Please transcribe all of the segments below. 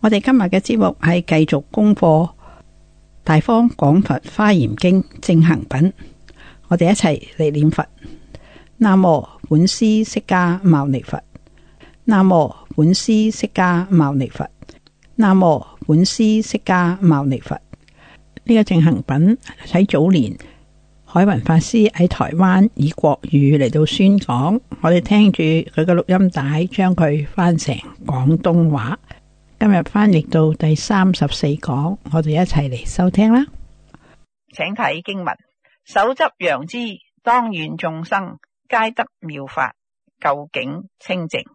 我哋今日嘅節目係繼續功課《大方廣佛花嚴經正行品》，我哋一齊嚟念佛。南無本師釋迦牟尼佛。南無本師釋迦牟尼佛。南無本師釋迦牟尼佛。呢個正行品喺早年海雲法師喺台灣以國語嚟到宣講，我哋聽住佢嘅錄音帶，將佢翻成廣東話。今日翻譯到第三十四講，我哋一齊嚟收聽啦。請睇經文：手執楊枝，當願眾生皆得妙法，究竟清淨。呢、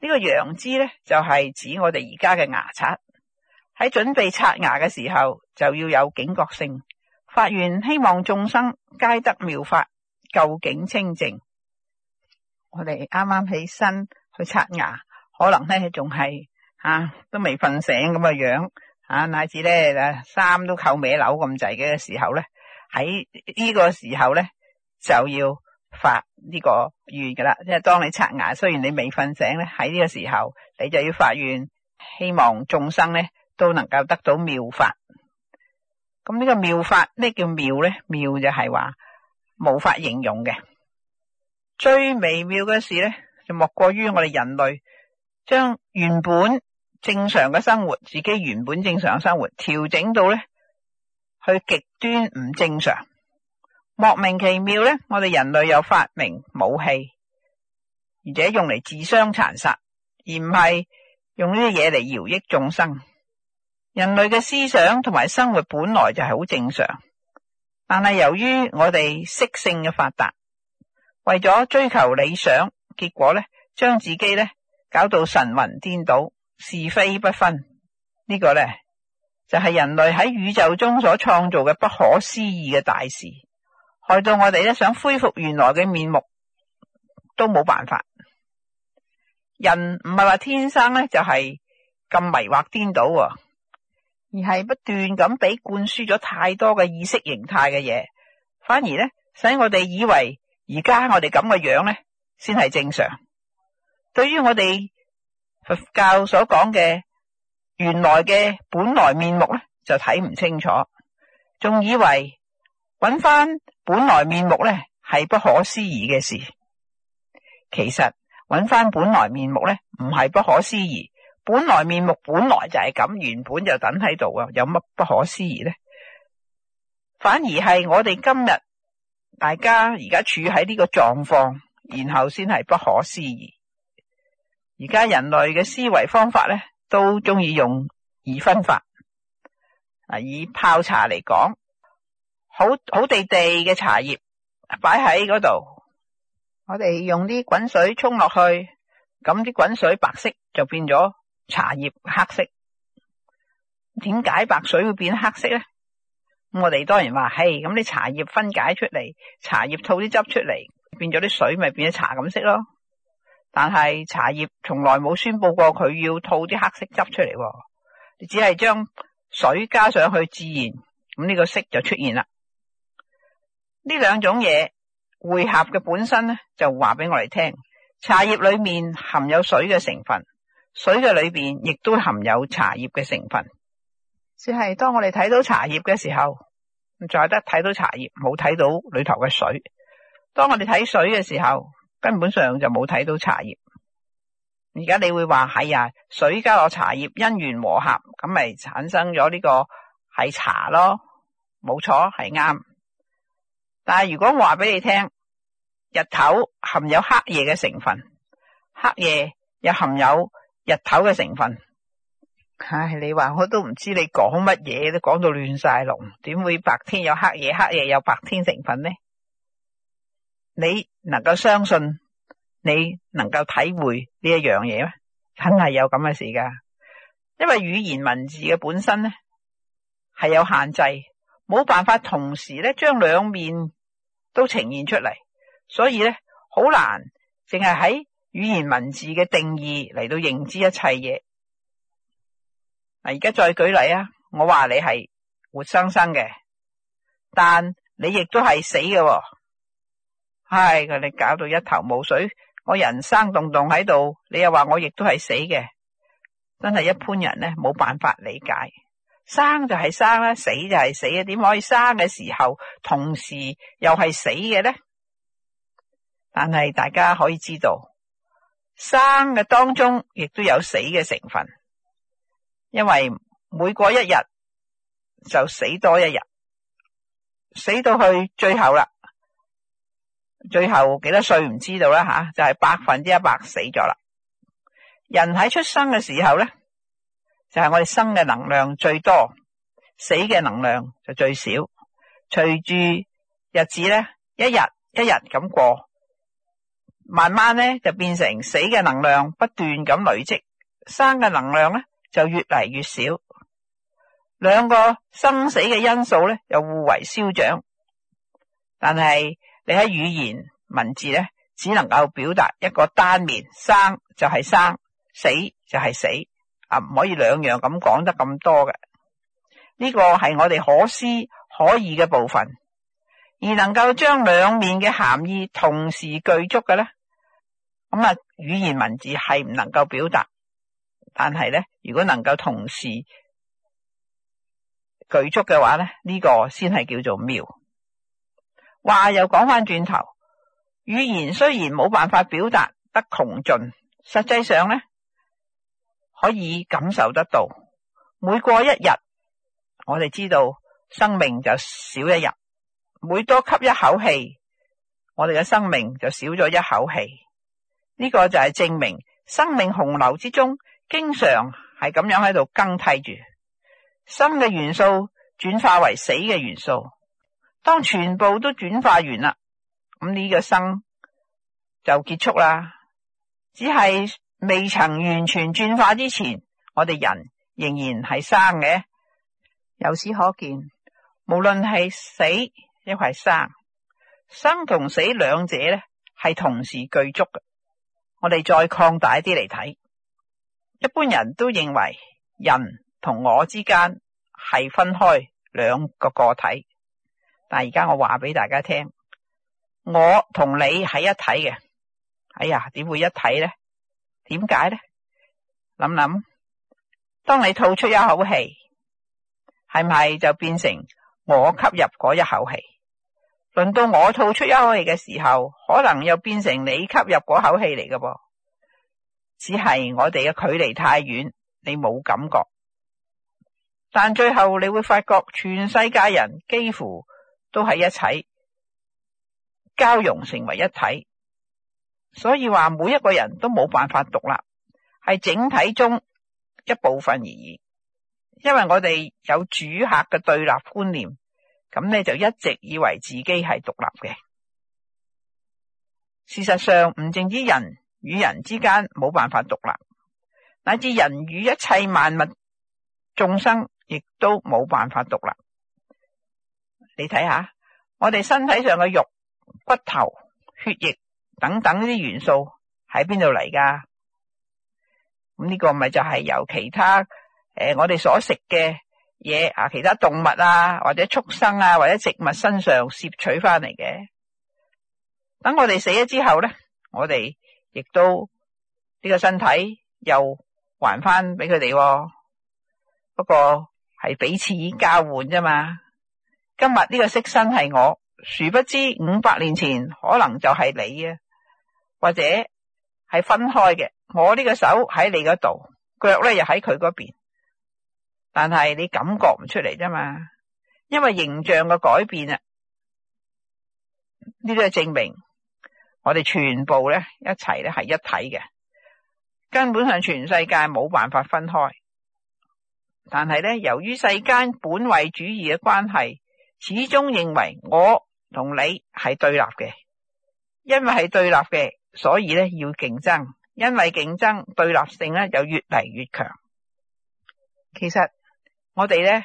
這個楊枝呢，就係、是、指我哋而家嘅牙刷。喺準備刷牙嘅時候，就要有警覺性。發願希望眾生皆得妙法，究竟清淨。我哋啱啱起身去刷牙，可能呢，仲係。吓、啊，都未瞓醒咁嘅樣，吓、啊、乃至咧，衫都扣歪紐咁滯嘅時候咧，喺呢個時候咧就要發呢個願噶啦。即係當你刷牙，雖然你未瞓醒咧，喺呢個時候你就要發願，希望眾生咧都能夠得到妙法。咁、嗯、呢、這個妙法，呢叫妙咧？妙就係話無法形容嘅，最微妙嘅事咧，就莫過於我哋人類將原本，正常嘅生活，自己原本正常生活，調整到咧去極端唔正常，莫名其妙咧。我哋人類有發明武器，而且用嚟自相殘殺，而唔係用呢啲嘢嚟饒益眾生。人類嘅思想同埋生活本來就係好正常，但係由於我哋識性嘅發達，為咗追求理想，結果咧將自己咧搞到神魂顛倒。是非不分，呢個呢，就係人類喺宇宙中所創造嘅不可思議嘅大事，害到我哋咧想恢復原來嘅面目都冇辦法。人唔係話天生咧就係咁迷惑顛倒喎，而係不斷咁俾灌輸咗太多嘅意識形態嘅嘢，反而咧使我哋以為而家我哋咁嘅樣咧先係正常。對於我哋。佛教所講嘅原來嘅本來面目咧，就睇唔清楚，仲以為揾翻本來面目咧係不可思議嘅事。其實揾翻本來面目咧唔係不可思議，本來面目本來就係咁，原本就等喺度啊，有乜不可思議呢？反而係我哋今日大家而家處喺呢個狀況，然後先係不可思議。而家人類嘅思維方法咧，都中意用二分法。啊，以泡茶嚟講，好好地地嘅茶葉擺喺嗰度，我哋用啲滾水沖落去，咁啲滾水白色就變咗茶葉黑色。點解白水會變黑色咧？我哋當然話，嘿，咁啲茶葉分解出嚟，茶葉吐啲汁出嚟，變咗啲水，咪變咗茶咁色咯。但係茶葉從來冇宣布過佢要套啲黑色汁出嚟，你只係將水加上去自然，咁呢個色就出現啦。呢兩種嘢匯合嘅本身咧，就話俾我哋聽，茶葉裏面含有水嘅成分，水嘅裏邊亦都含有茶葉嘅成分。只係當我哋睇到茶葉嘅時候，就係得睇到茶葉，冇睇到裏頭嘅水；當我哋睇水嘅時候。根本上就冇睇到茶葉，而家你會話係啊，水加落茶葉，因緣和合，咁咪產生咗呢個係茶咯。冇錯，係啱。但係如果話俾你聽，日頭含有黑夜嘅成分，黑夜又含有日頭嘅成分，唉，你話我都唔知你講乜嘢，都講到亂晒龍，點會白天有黑夜，黑夜有白天成分呢？你能夠相信你能夠體會呢一樣嘢咩？真係有咁嘅事噶。因為語言文字嘅本身咧係有限制，冇辦法同時咧將兩面都呈現出嚟，所以咧好難淨係喺語言文字嘅定義嚟到認知一切嘢。嗱，而家再舉例啊，我話你係活生生嘅，但你亦都係死嘅喎，哦。唉，佢哋搞到一頭霧水，我人生動動喺度，你又話我亦都係死嘅，真係一般人咧冇辦法理解。生就係生啦，死就係死啊，點可以生嘅時候同時又係死嘅呢？但係大家可以知道，生嘅當中亦都有死嘅成分，因為每過一日就死多一日，死到去最後啦。最後幾多歲唔知道啦吓，就係百分之一百死咗啦。人喺出生嘅時候咧，就係我哋生嘅能量最多，死嘅能量就最少。隨住日子咧，一日一日咁過，慢慢咧就變成死嘅能量不斷咁累積，生嘅能量咧就越嚟越少。兩個生死嘅因素咧又互為消長，但係，你喺語言文字咧，只能夠表達一個單面，生就係生，死就係死，啊唔可以兩樣咁講得咁多嘅。呢、這個係我哋可思可議嘅部分，而能夠將兩面嘅含義同時具足嘅咧，咁、嗯、啊語言文字係唔能夠表達，但係咧，如果能夠同時具足嘅話咧，呢、這個先係叫做妙。話又講翻轉頭，語言雖然冇辦法表達得窮盡，實際上咧可以感受得到。每過一日，我哋知道生命就少一日；每多吸一口氣，我哋嘅生命就少咗一口氣。呢個就係證明生命洪流之中，經常係咁樣喺度更替住生嘅元素轉化為死嘅元素。當全部都轉化完啦，咁、這、呢個生就結束啦。只係未曾完全轉化之前，我哋人仍然係生嘅。由此可見，無論係死抑或係生，生同死兩者咧係同時具足嘅。我哋再擴大一啲嚟睇，一般人都認為人同我之間係分開兩個個體。但而家我話俾大家聽，我同你喺一體嘅。哎呀，點會一體呢？點解呢？諗諗，當你吐出一口氣，係咪就變成我吸入嗰一口氣？輪到我吐出一口氣嘅時候，可能又變成你吸入嗰口氣嚟嘅噃。只係我哋嘅距離太遠，你冇感覺。但最後你會發覺，全世界人幾乎。都喺一齊交融成為一體，所以話每一個人都冇辦法獨立，係整體中一部分而已。因為我哋有主客嘅對立觀念，咁你就一直以為自己係獨立嘅。事實上，唔淨止人與人之間冇辦法獨立，乃至人與一切萬物眾生亦都冇辦法獨立。你睇下，我哋身體上嘅肉、骨頭、血液等等呢啲元素喺邊度嚟噶？咁呢個咪就係由其他誒、呃、我哋所食嘅嘢啊，其他動物啊或者畜生啊或者植物身上攝取翻嚟嘅。等我哋死咗之後咧，我哋亦都呢、呢個身體又還翻俾佢哋，不過係彼此交換啫嘛。今日呢個色身係我，殊不知五百年前可能就係你啊，或者係分開嘅。我呢個手喺你嗰度，腳咧又喺佢嗰邊，但係你感覺唔出嚟啫嘛，因為形象嘅改變啊。呢啲係證明我哋全部咧一齊咧係一體嘅，根本上全世界冇辦法分開。但係咧，由於世間本位主義嘅關係，始終認為我同你係對立嘅，因為係對立嘅，所以咧要競爭。因為競爭，對立性咧就越嚟越強。其實我哋咧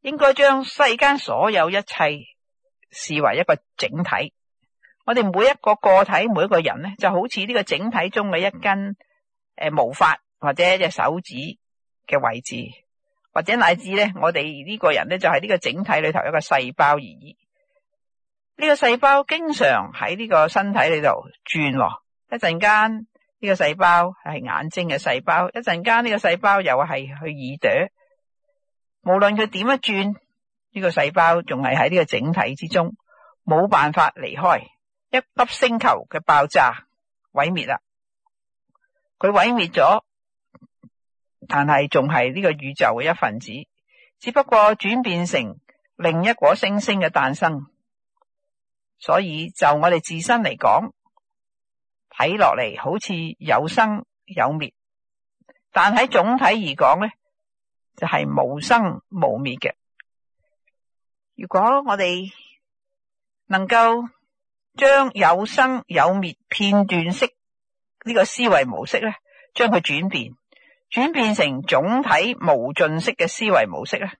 應該將世間所有一切視為一個整體。我哋每一個個體、每一個人咧，就好似呢個整體中嘅一根誒毛髮或者一隻手指嘅位置。或者乃至咧，我哋呢個人咧，就係、是、呢個整體裏頭有個細胞而已。呢、這個細胞經常喺呢個身體裏度轉，一陣間呢個細胞係眼睛嘅細胞，一陣間呢個細胞又係去耳朵。無論佢點一轉，呢、這個細胞仲係喺呢個整體之中，冇辦法離開。一粒星球嘅爆炸毀滅啦，佢毀滅咗。但係仲係呢個宇宙嘅一份子，只不過轉變成另一顆星星嘅誕生。所以就我哋自身嚟講，睇落嚟好似有生有滅，但喺總體而講咧，就係無生無滅嘅。如果我哋能夠將有生有滅片段式呢個思維模式咧，將佢轉變。轉變成總體無盡式嘅思維模式咧，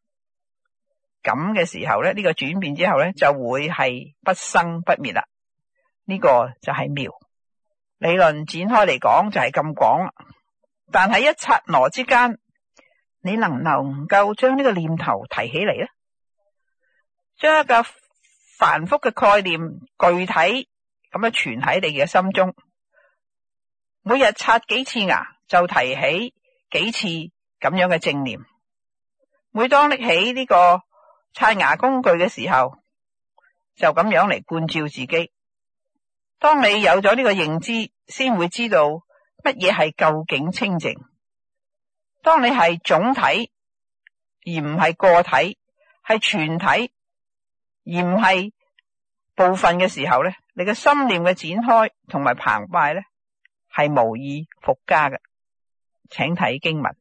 咁嘅時候咧，呢、這個轉變之後咧，就會係不生不滅啦。呢、這個就係妙理論展開嚟講就係咁講，但係一剎那之間，你能唔能夠將呢個念頭提起嚟咧？將一個繁複嘅概念具體咁樣存喺你嘅心中，每日刷幾次牙就提起。幾次咁樣嘅正念，每當拎起呢個刷牙工具嘅時候，就咁樣嚟觀照自己。當你有咗呢個認知，先會知道乜嘢係究竟清淨。當你係總體而唔係個體，係全體而唔係部分嘅時候咧，你嘅心念嘅展開同埋澎湃咧，係無以復加嘅。請睇經文，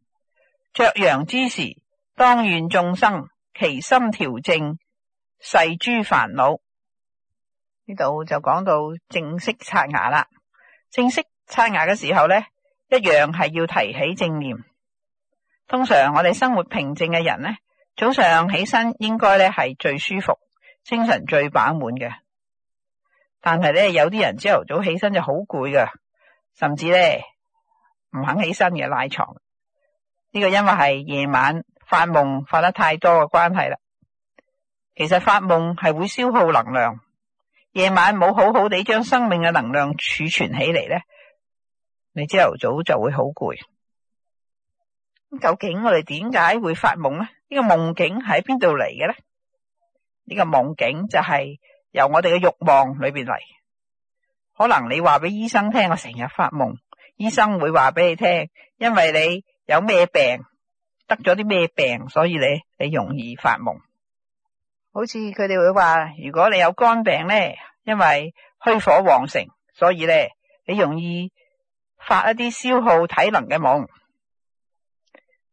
嚼楊枝時，當願眾生，其心調正，噬諸煩惱。呢度就講到正式刷牙啦。正式刷牙嘅時候呢，一樣係要提起正念。通常我哋生活平靜嘅人呢，早上起身應該咧係最舒服，精神最飽滿嘅。但係呢，有啲人朝頭早起身就好攰㗎，甚至呢。唔肯起身嘅，賴床，呢個因為係夜晚發夢發得太多嘅關係啦。其實發夢係會消耗能量，夜晚冇好好地將生命嘅能量儲存起嚟咧，你朝頭早就會好攰。究竟我哋點解會發夢呢？呢個夢境喺邊度嚟嘅呢？呢個夢境就係由我哋嘅欲望裏邊嚟。可能你話俾醫生聽，我成日發夢。醫生會話俾你聽，因為你有咩病、得咗啲咩病，所以你你容易發夢。好似佢哋會話，如果你有肝病咧，因為虛火旺盛，所以咧，你容易發一啲消耗體能嘅夢。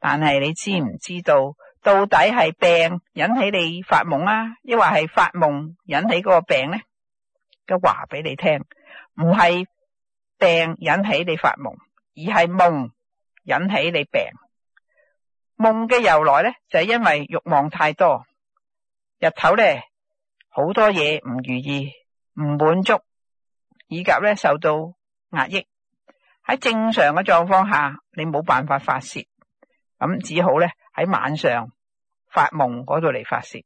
但係你知唔知道，到底係病引起你發夢啊，抑或係發夢引起嗰個病咧？就話俾你聽，唔係。病引起你發夢，而係夢引起你病。夢嘅由來咧，就係因為欲望太多，日頭咧好多嘢唔如意，唔滿足，以及咧受到壓抑。喺正常嘅狀況下，你冇辦法發洩，咁只好咧喺晚上發夢嗰度嚟發洩。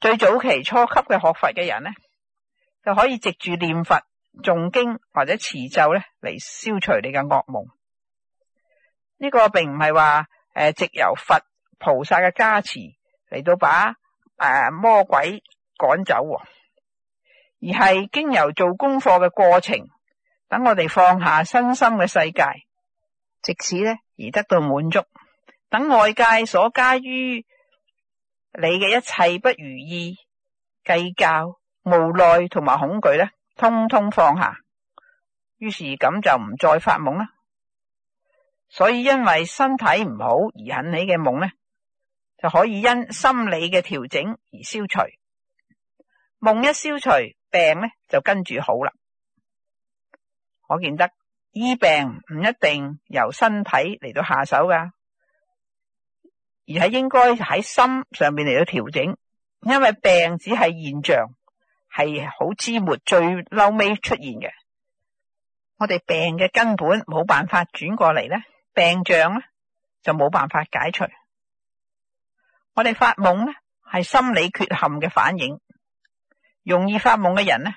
最早期初級嘅學佛嘅人咧，就可以藉住念佛。誦經或者持咒咧，嚟消除你嘅惡夢。呢、這個並唔係話誒，藉由佛菩薩嘅加持嚟到把誒、呃、魔鬼趕走、啊，而係經由做功課嘅過程，等我哋放下身心嘅世界，即使咧而得到滿足，等外界所加於你嘅一切不如意、計較、無奈同埋恐懼咧，通通放下，於是咁就唔再發夢啦。所以因為身體唔好而引起嘅夢呢，就可以因心理嘅調整而消除。夢一消除，病呢就跟住好啦。我見得醫病唔一定由身體嚟到下手噶，而係應該喺心上面嚟到調整，因為病只係現象。係好滋沒最嬲尾出現嘅，我哋病嘅根本冇辦法轉過嚟咧，病象咧就冇辦法解除。我哋發夢咧係心理缺陷嘅反應，容易發夢嘅人呢，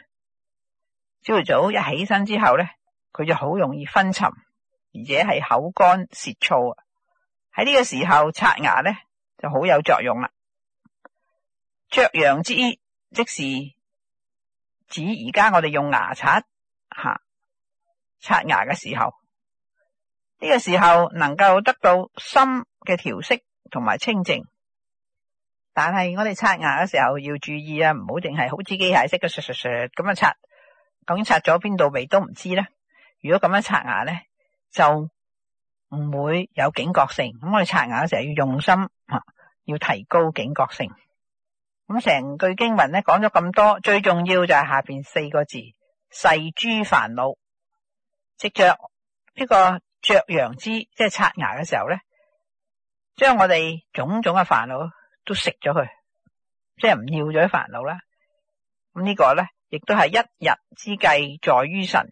朝早一起身之後咧，佢就好容易昏沉，而且係口乾舌燥啊。喺呢個時候刷牙咧就好有作用啦，着陽之衣即係。指而家我哋用牙刷吓、啊、刷牙嘅時候，呢、呢個時候能夠得到心嘅調息同埋清淨。但係我哋刷牙嘅時候要注意啊，唔好淨係好似機械式嘅刷刷刷咁樣刷，咁樣刷咗邊度味都唔知咧。如果咁樣刷牙咧，就唔會有警覺性。咁我哋刷牙嘅時候要用心啊，要提高警覺性。咁成句經文咧講咗咁多，最重要就係下邊四個字：噬諸煩惱，藉着呢、這個嚼楊枝，即係刷牙嘅時候咧，將我哋種種嘅煩惱都食咗佢，即係唔要咗啲煩惱啦。咁、這個、呢個咧，亦都係一日之計在於晨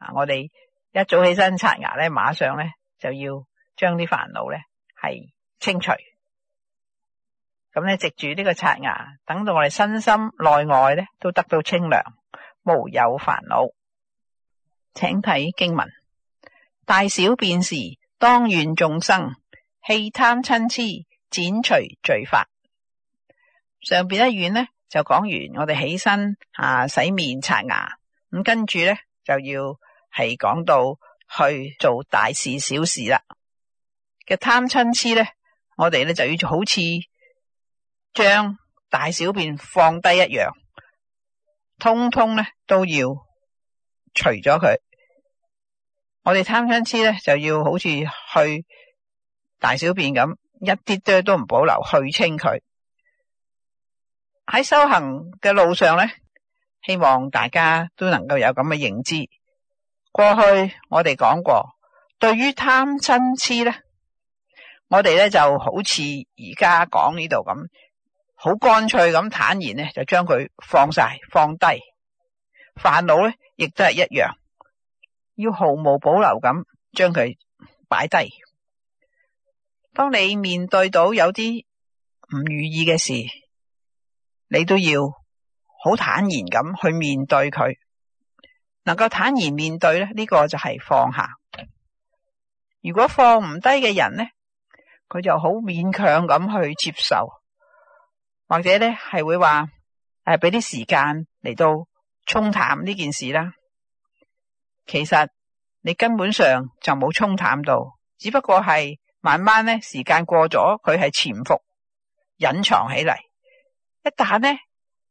啊！我哋一早起身刷牙咧，馬上咧就要將啲煩惱咧係清除。咁咧，藉住呢個刷牙，等到我哋身心內外咧都得到清涼，無有煩惱。請睇經文，大小便時當願眾生，棄貪親痴，剪除罪法。上邊一願呢，就講完，我哋起身啊，洗面刷牙，咁跟住咧就要係講到去做大事小事啦。嘅貪親痴咧，我哋咧就要好似。將大小便放低一樣，通通咧都要除咗佢。我哋貪嗔癡咧就要好似去大小便咁，一啲都都唔保留，去清佢。喺修行嘅路上咧，希望大家都能夠有咁嘅認知。過去我哋講過，對於貪嗔癡咧，我哋咧就好似而家講呢度咁。好乾脆咁坦然呢，就將佢放晒放低，煩惱呢，亦都係一樣，要毫無保留咁將佢擺低。當你面對到有啲唔如意嘅事，你都要好坦然咁去面對佢。能夠坦然面對呢，呢個就係放下。如果放唔低嘅人呢，佢就好勉強咁去接受。或者咧係會話，誒，俾啲時間嚟到沖淡呢件事啦。其實你根本上就冇沖淡到，只不過係慢慢咧時間過咗，佢係潛伏、隱藏起嚟。一旦呢，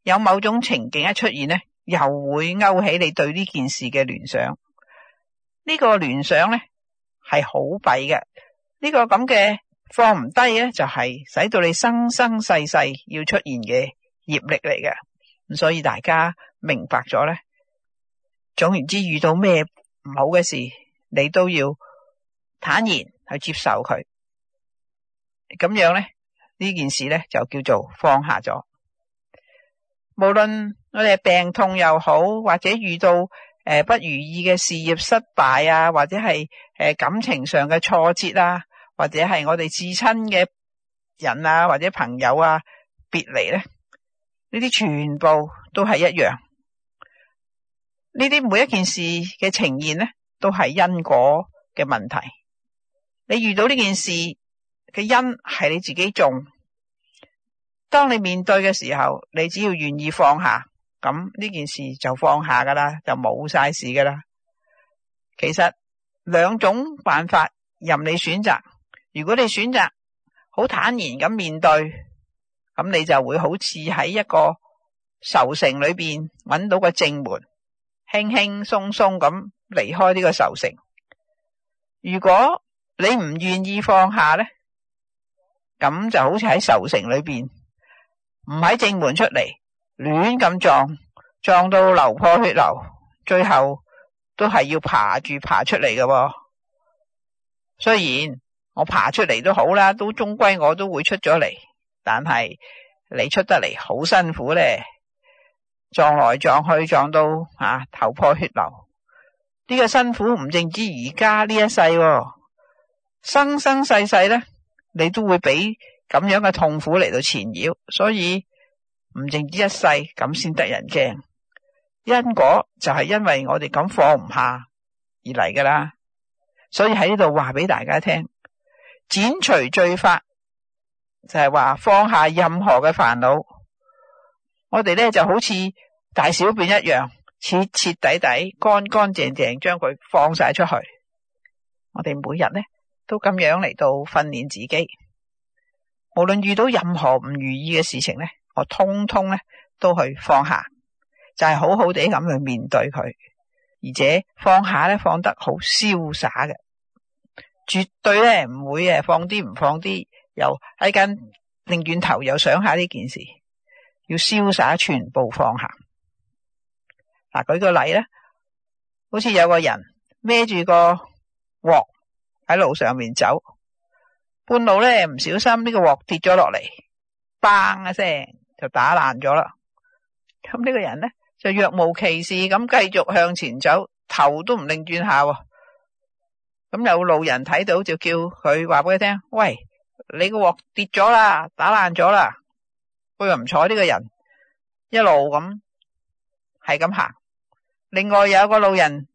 有某種情景一出現呢，又會勾起你對呢件事嘅聯想。這個、聯想呢、這個聯想咧係好弊嘅，呢個咁嘅。放唔低咧，就係使到你生生世世要出現嘅業力嚟嘅，咁所以大家明白咗咧。總言之，遇到咩唔好嘅事，你都要坦然去接受佢，咁樣咧呢件事咧就叫做放下咗。無論我哋病痛又好，或者遇到誒不如意嘅事業失敗啊，或者係誒感情上嘅挫折啊。或者係我哋至親嘅人啊，或者朋友啊，別離咧，呢啲全部都係一樣。呢啲每一件事嘅呈現呢，都係因果嘅問題。你遇到呢件事嘅因係你自己種，當你面對嘅時候，你只要願意放下，咁呢件事就放下噶啦，就冇晒事噶啦。其實兩種辦法任你選擇。如果你選擇好坦然咁面對，咁你就會好似喺一個愁城裏邊揾到個正門，輕輕鬆鬆咁離開呢個愁城。如果你唔願意放下呢，咁就好似喺愁城裏邊唔喺正門出嚟，亂咁撞，撞到流破血流，最後都係要爬住爬出嚟嘅。雖然，我爬出嚟都好啦，都終歸我都會出咗嚟，但係你出得嚟好辛苦咧，撞來撞去撞到啊頭破血流，呢個辛苦唔淨止而家呢一世，生生世世咧你都會俾咁樣嘅痛苦嚟到纏繞，所以唔淨止一世咁先得人驚，因果就係因為我哋咁放唔下而嚟噶啦，所以喺呢度話俾大家聽。剪除罪法就係話放下任何嘅煩惱，我哋咧就好似大小便一樣，徹徹底底、乾乾淨淨將佢放晒出去。我哋每日咧都咁樣嚟到訓練自己，無論遇到任何唔如意嘅事情咧，我通通咧都去放下，就係好好地咁去面對佢，而且放下咧放得好瀟灑嘅。絕對咧唔會誒，放啲唔放啲，又喺緊擰轉頭，又想下呢件事，要瀟灑全部放下。嗱、啊，舉個例咧，好似有個人孭住個鑊喺路上面走，半路咧唔小心呢個鑊跌咗落嚟，嘣一聲就打爛咗啦。咁、啊、呢、這個人咧就若無其事咁繼續向前走，頭都唔擰轉下。咁有路人睇到就叫佢話俾佢聽：喂，你個鑊跌咗啦，打爛咗啦。佢又唔睬呢個人，一路咁係咁行。另外有個路人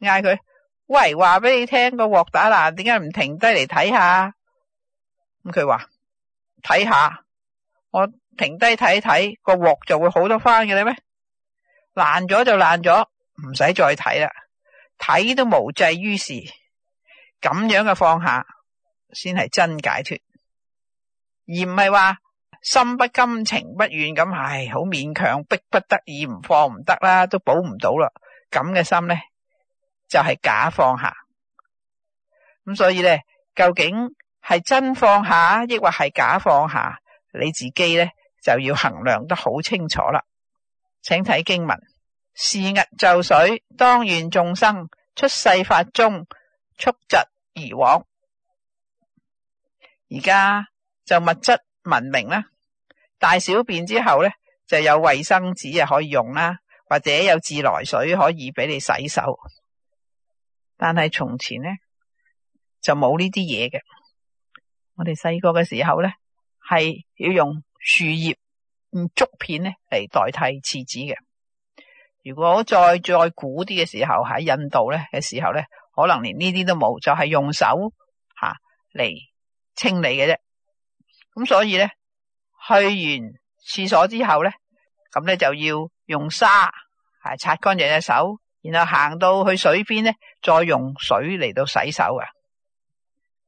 嗌佢：喂，話俾你聽個鑊打爛，點解唔停低嚟睇下？咁佢話睇下，我停低睇睇個鑊就會好多翻嘅。你咩爛咗就爛咗，唔使再睇啦，睇都無濟於事。咁樣嘅放下先係真解脫，而唔係話心不甘情不願咁，唉，好勉強，逼不得已唔放唔得啦，都保唔到啦。咁嘅心呢，就係假放下咁，所以呢，究竟係真放下，抑或係假放下，你自己呢，就要衡量得好清楚啦。請睇經文，事訖就水，當願眾生出世法中，速疾而往，而家就物質文明啦。大小便之後咧，就有衛生紙啊，可以用啦，或者有自來水可以俾你洗手。但係從前咧就冇呢啲嘢嘅。我哋細個嘅時候咧係要用樹葉、竹片咧嚟代替廁紙嘅。如果再再古啲嘅時候，喺印度咧嘅時候咧。可能連呢啲都冇，就係用手吓嚟清理嘅啫。咁所以咧，去完廁所之後咧，咁咧就要用沙係擦乾淨隻手，然後行到去水邊咧，再用水嚟到洗手啊。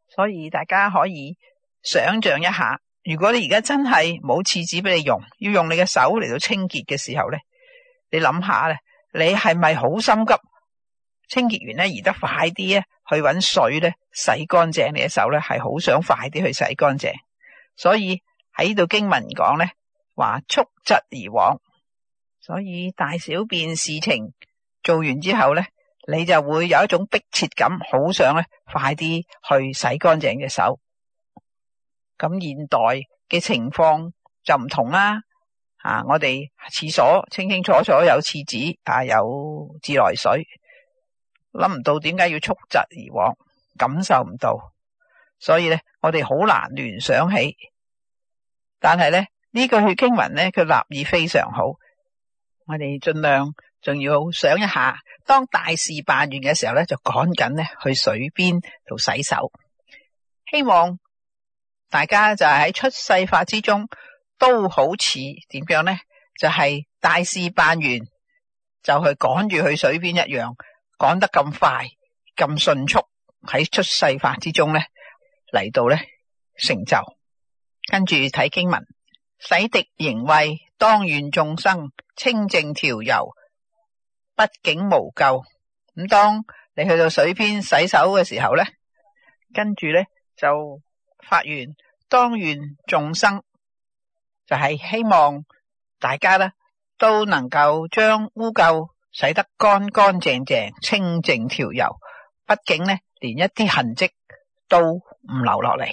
所以大家可以想象一下，如果你而家真係冇廁紙俾你用，要用你嘅手嚟到清潔嘅時候咧，你諗下咧，你係咪好心急？清潔完咧，移得快啲咧去搵水咧洗乾淨你嘅手咧，係好想快啲去洗乾淨。所以喺度經文講咧話速疾而往，所以大小便事情做完之後咧，你就會有一種迫切感，好想咧快啲去洗乾淨隻手。咁現代嘅情況就唔同啦，啊，我哋廁所清清楚楚有廁紙啊，有自來水。諗唔到點解要速疾而往，感受唔到，所以咧我哋好難聯想起。但係咧呢句血經文咧，佢立意非常好，我哋盡量仲要想一下。當大事辦完嘅時候咧，就趕緊咧去水邊度洗手。希望大家就係喺出世法之中都好似點樣咧，就係、是、大事辦完就去趕住去水邊一樣。講得咁快咁迅速，喺出世法之中咧嚟到咧成就。跟住睇經文，洗滌形穢，當願眾生清淨調柔，畢竟無垢。」咁當你去到水邊洗手嘅時候咧，跟住咧就發願，當願眾生就係、是、希望大家咧都能夠將污垢。洗得乾乾淨淨、清淨條油，畢竟呢，連一啲痕跡都唔留落嚟。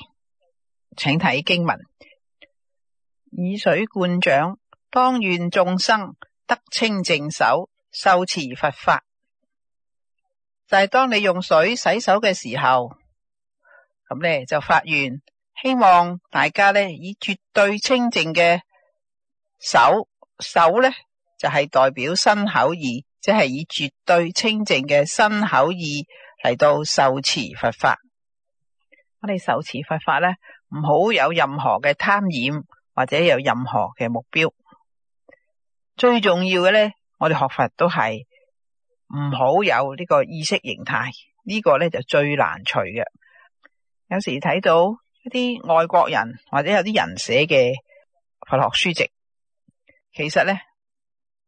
請睇經文：以水灌掌，當願眾生得清淨手，受持佛法。就係當你用水洗手嘅時候，咁呢就發願，希望大家呢以絕對清淨嘅手手呢就係、是、代表身口意。即係以絕對清淨嘅心口意嚟到受持佛法。我哋受持佛法咧，唔好有任何嘅貪染，或者有任何嘅目標。最重要嘅咧，我哋學佛都係唔好有呢個意識形態。這個、呢個咧就最難除嘅。有時睇到一啲外國人或者有啲人寫嘅佛學書籍，其實咧，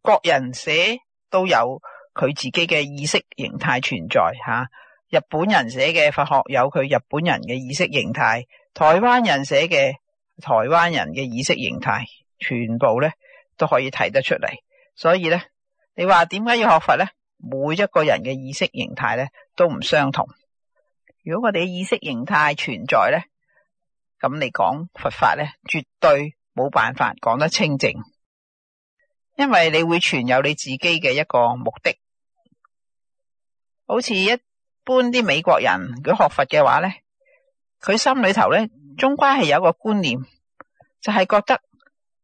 國人寫。都有佢自己嘅意識形態存在吓、啊，日本人寫嘅佛學有佢日本人嘅意識形態，台灣人寫嘅台灣人嘅意識形態，全部咧都可以睇得出嚟。所以咧，你話點解要學佛咧？每一個人嘅意識形態咧都唔相同。如果我哋嘅意識形態存在咧，咁你講佛法咧，絕對冇辦法講得清淨。因為你會存有你自己嘅一個目的，好似一般啲美國人，如果學佛嘅話咧，佢心裏頭咧，終歸係有個觀念，就係、是、覺得，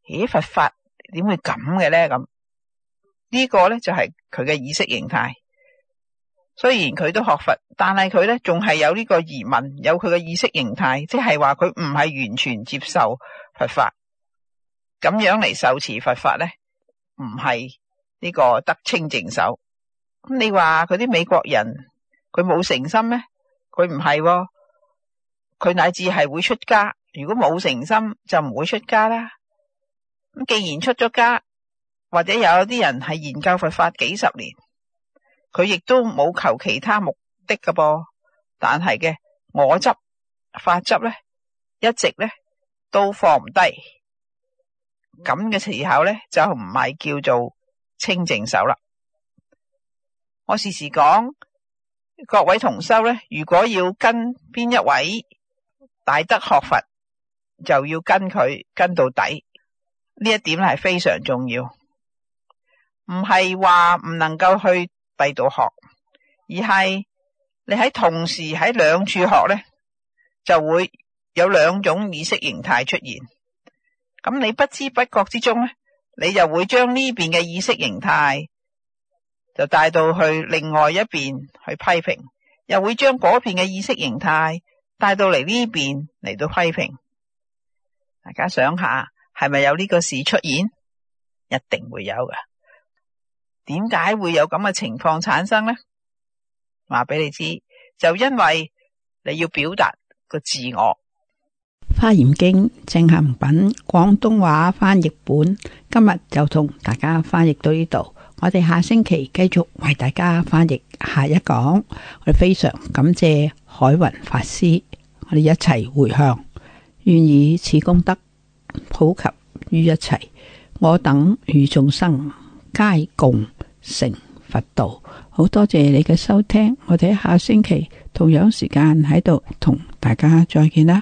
咦，佛法點會咁嘅咧？咁、這個、呢個咧就係佢嘅意識形態。雖然佢都學佛，但係佢咧仲係有呢個疑問，有佢嘅意識形態，即係話佢唔係完全接受佛法，咁樣嚟受持佛法咧。唔係呢個得清淨手，咁你話佢啲美國人佢冇誠心咩？佢唔係喎，佢乃至係會出家。如果冇誠心就唔會出家啦。咁既然出咗家，或者有啲人係研究佛法幾十年，佢亦都冇求其他目的㗎噃。但係嘅我執、法執咧，一直咧都放唔低。咁嘅辭候咧，就唔係叫做清淨手啦。我時時講，各位同修咧，如果要跟邊一位大德學佛，就要跟佢跟到底，呢一點咧係非常重要。唔係話唔能夠去閉度學，而係你喺同時喺兩處學咧，就會有兩種意識形態出現。咁你不知不覺之中咧，你又會將呢邊嘅意識形態就帶到去另外一邊去批評，又會將嗰邊嘅意識形態帶到嚟呢邊嚟到批評。大家想下，係咪有呢個事出現？一定會有噶。點解會有咁嘅情況產生呢？話俾你知，就因為你要表達個自我。《花嚴經》正行品廣東話翻譯本，今日就同大家翻譯到呢度。我哋下星期繼續為大家翻譯下一講。我哋非常感謝海雲法師，我哋一齊回向，願以此功德普及於一切我等與眾生，皆共成佛道。好多謝你嘅收聽，我哋下星期同樣時間喺度同大家再見啦。